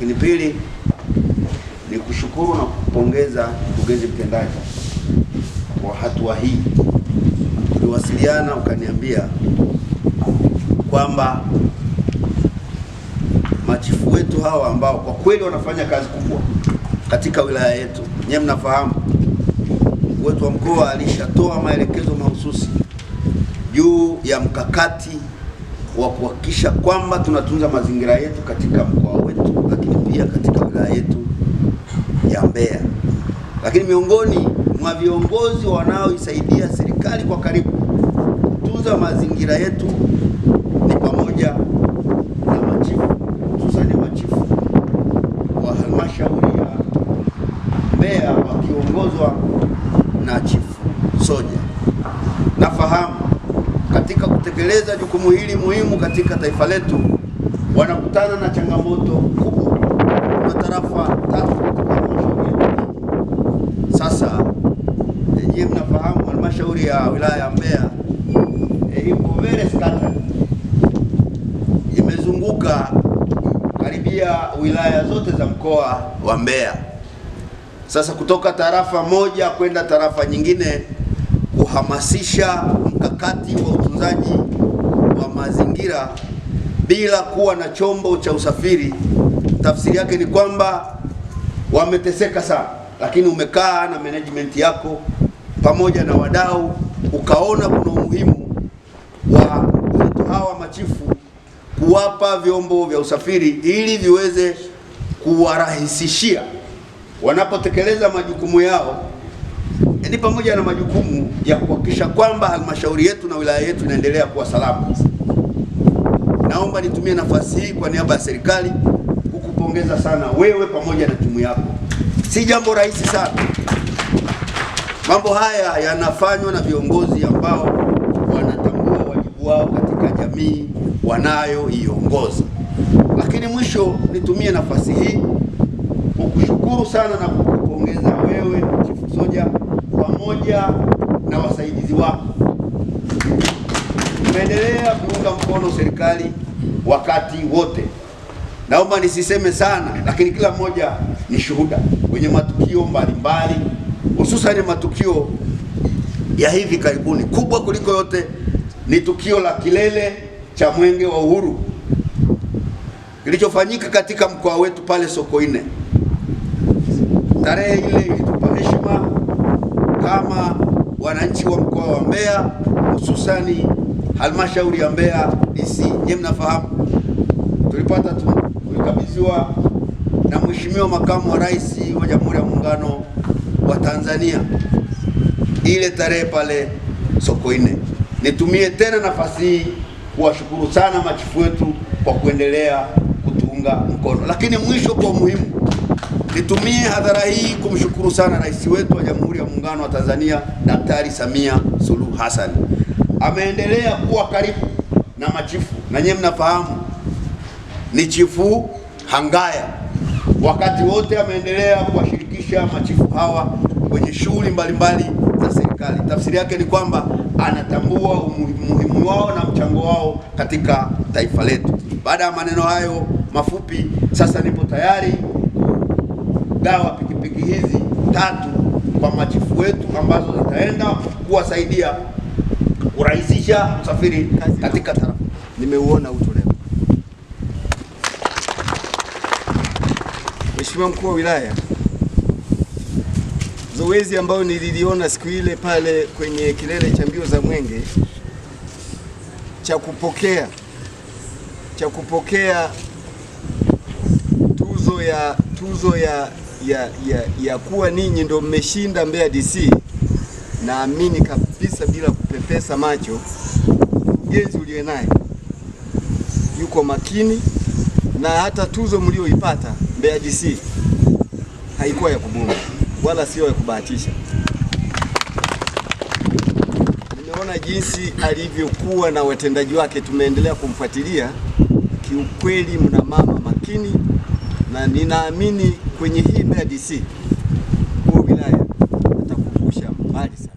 Lakini pili ni kushukuru na kupongeza mkurugenzi mtendaji kwa hatua hii. Tuliwasiliana ukaniambia kwamba machifu wetu hawa ambao kwa kweli wanafanya kazi kubwa katika wilaya yetu, nyewe mnafahamu, mkuu wetu wa mkoa alishatoa maelekezo mahususi juu ya mkakati wa kuhakikisha kwamba tunatunza mazingira yetu katika mkoa wetu, lakini pia katika wilaya yetu ya Mbeya. Lakini miongoni mwa viongozi wanaoisaidia serikali kwa karibu kutunza mazingira yetu ni pamoja na machifu, hususani machifu wa halmashauri ya Mbeya wakiongozwa na Chifu Soja. Nafahamu katika kutekeleza jukumu hili muhimu katika taifa letu wanakutana na changamoto kubwa kwa tarafa tatu Sasa nyie mnafahamu halmashauri ya wilaya ya Mbeya e, ipo standard, imezunguka karibia wilaya zote za mkoa wa Mbeya. Sasa kutoka tarafa moja kwenda tarafa nyingine kuhamasisha mkakati wa utunzaji wa mazingira bila kuwa na chombo cha usafiri, tafsiri yake ni kwamba wameteseka sana, lakini umekaa na management yako pamoja na wadau ukaona kuna umuhimu wa watu hawa machifu kuwapa vyombo vya usafiri ili viweze kuwarahisishia wanapotekeleza majukumu yao ni pamoja na majukumu ya kuhakikisha kwamba halmashauri yetu na wilaya yetu inaendelea kuwa salama. Naomba nitumie nafasi hii kwa niaba ya serikali kukupongeza sana wewe pamoja na timu yako. Si jambo rahisi sana. Mambo haya yanafanywa na viongozi ambao wanatambua wajibu wao katika jamii wanayoiongoza. Lakini mwisho nitumie nafasi hii kukushukuru sana na kukupongeza wewe pamoja na wasaidizi wako. tumeendelea kuunga mkono serikali wakati wote. Naomba nisiseme sana, lakini kila mmoja ni shuhuda kwenye matukio mbalimbali, hususani matukio ya hivi karibuni. Kubwa kuliko yote ni tukio la kilele cha Mwenge wa Uhuru kilichofanyika katika mkoa wetu pale Sokoine. Tarehe ile ilitupa heshima kama wananchi wa mkoa wa Mbeya, hususani halmashauri ya Mbeya DC. Nyinyi mnafahamu tulipata tulikabidhiwa na Mheshimiwa Makamu wa Rais wa Jamhuri ya Muungano wa Tanzania ile tarehe pale Sokoine. Nitumie tena nafasi hii kuwashukuru sana machifu wetu kwa kuendelea kutuunga mkono, lakini mwisho kwa muhimu Nitumie hadhara hii kumshukuru sana rais wetu wa Jamhuri ya Muungano wa Tanzania Daktari Samia Suluhu Hassan. Ameendelea kuwa karibu na machifu, na nyiye mnafahamu ni chifu Hangaya, wakati wote ameendelea kuwashirikisha machifu hawa kwenye shughuli mbalimbali za serikali. Tafsiri yake ni kwamba anatambua umuhimu wao na mchango wao katika taifa letu. Baada ya maneno hayo mafupi, sasa nipo tayari kugawa pikipiki hizi tatu kwa machifu wetu ambazo zitaenda kuwasaidia kurahisisha usafiri katika tarafa. Nimeuona leo, Mheshimiwa Mkuu wa Wilaya, zoezi ambayo nililiona siku ile pale kwenye kilele cha mbio za Mwenge cha kupokea cha kupokea tuzo ya tuzo ya ya, ya, ya kuwa ninyi ndio mmeshinda Mbeya DC, naamini kabisa bila kupepesa macho, mkurugenzi uliye naye yuko makini, na hata tuzo mlioipata Mbeya DC haikuwa ya kubuma wala sio ya kubahatisha. Nimeona jinsi alivyokuwa na watendaji wake, tumeendelea kumfuatilia. Kiukweli mna mama makini na ninaamini kwenye hii bea DC huo wilaya atakuvusha mbali.